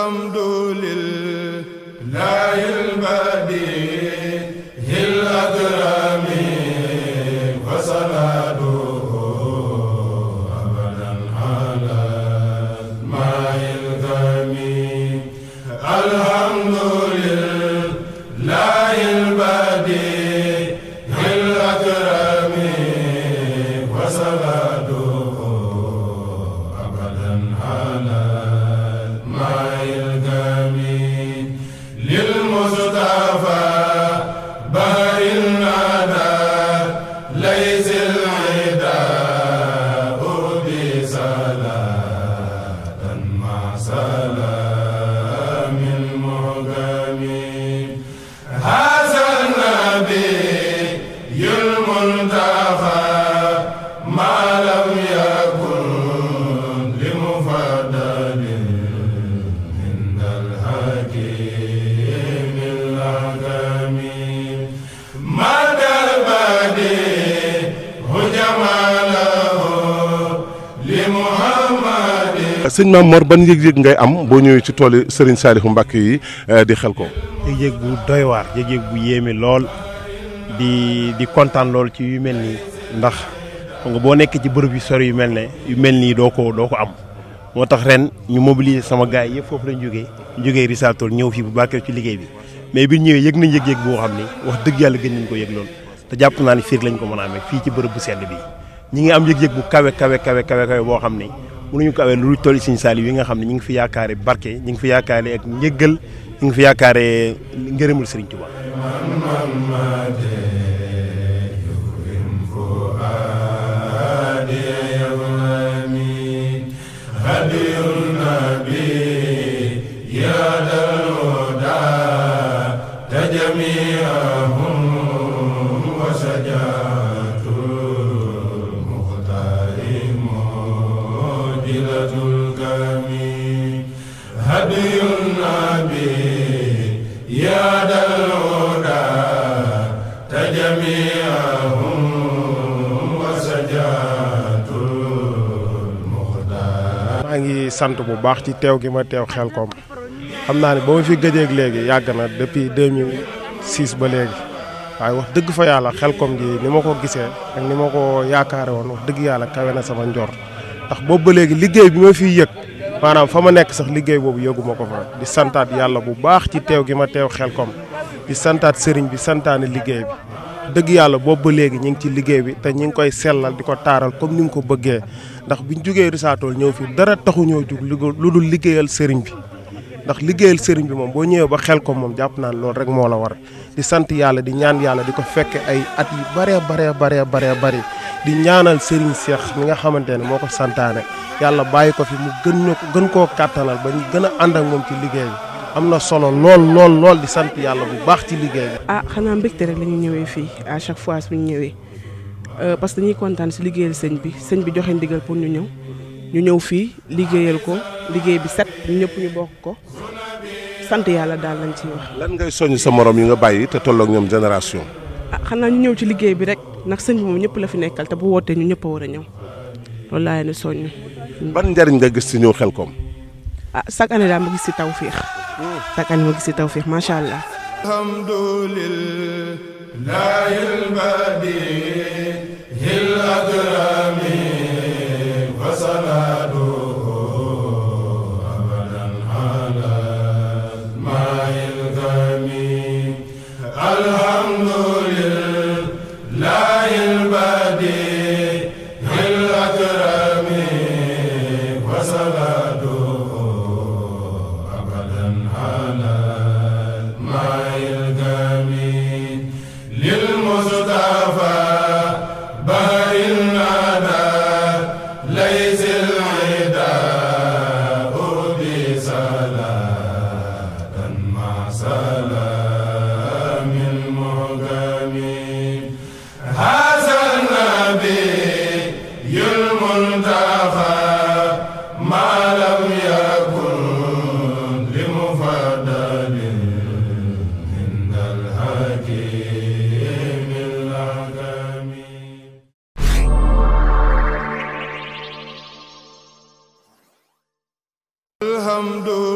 الحمد لله البديع sëñ Maam Mor ban yëg-yëg ngay am boo ñëwee ci tool yi Serigne Saliou yi eh, di xel ko. yëg-yëg bu doy waar yëg bu yéeme lool. di di kontaan loolu ci yu mel nii ndax xam nga boo nekkee ci bërëb yu sore yu mel ne yu mel nii doo ko doo ko am moo tax ren ñu mobiliser sama gars yi yëpp foofu lañ jógee jógee Rissator ñëw fii bu baaxee ci liggéey bi mais bi ñëwee yëg nañ yëg-yëg boo xam ni wax dëgg yàlla gën nañ ko yëg loolu te jàpp naa ni fiir lañ ko mën a amee fii ci bërëb bu sell bi ñi ngi am yëg-yëg bu kawe kawe kawe kawe boo xam ni mënuñu ko awee lu toll Sëriñ Saaliw yi nga xam ne ñu ngi fi yaakaare barke ñu ngi fi yaakaare ak njëggal ñu ngi fi yaakaare ngërëmul Sëriñ Tuubaa هدي النبي يا دلو ngi sant bu baax ci teew gi ma teew xel koom xam naa ne ba ma fi gëjeeg léegi yàgg na depuis 2006 ba léegi waaye wax dëgg fa yàlla xel koom gi ni ma ko gisee ak ni ma ko yaakaare woon wax dëgg yàlla kawe na sama njoor ndax boobu léegi liggéey bi ma fiy yëg maanaam fa ma nekk sax liggéey boobu yëguma ko fa di santaat yàlla bu baax ci teew gi ma teew xel koom di santaat sëriñ bi santaane liggéey bi dëgg yàlla boobu ba léegi ñu ngi ci liggéey bi te ñu ngi koy sellal di ko taaral comme ni nga ko bëggee ndax biñ jógee Rissaatol ñëw fii dara taxu ñoo jug lu dul liggéeyal sëriñ bi ndax liggéeyal sëriñ bi moom boo ñëwee ba xel ko moom jàpp naan loolu rek moo la war di sant yàlla di ñaan yàlla di ko fekke ay at yi baree baree baree baree bëri di ñaanal sëriñ Seex mi nga xamante ne moo ko santaane yàlla bàyyi ko fi mu gën ñoo gën koo kàttanal ba ñu gën a ànd ak moom ci liggéey am na solo lool lool lool di sant yàlla bu baax ci liggéey bi. ah xanaa mbégte rek la ñu ñëwee fii à chaque fois suñu ñëwee euh, parce que dañuy kontaan si liggéeyal sëñ bi sëñ bi joxe ndigal pour ñu ñëw ñu ñëw fii liggéeyal ko liggéey bi set ñu ñëpp ñu bokk ko sant yàlla daal lañ ciy wax. lan ngay soññ sa morom yi nga bàyyi te tollook ñoom génération. ah xanaa ñu ñëw ci liggéey bi rek ndax sëñ bi moom ñëpp la fi nekkal te bu wootee ñu ñëpp a war a ñëw loolu ban njëriñ nga gis ci ñëw Xelcom ah chaque année daal ma gis si taw féex chaque année ma gis si taw féex macha allah. alhamdulillah الحمد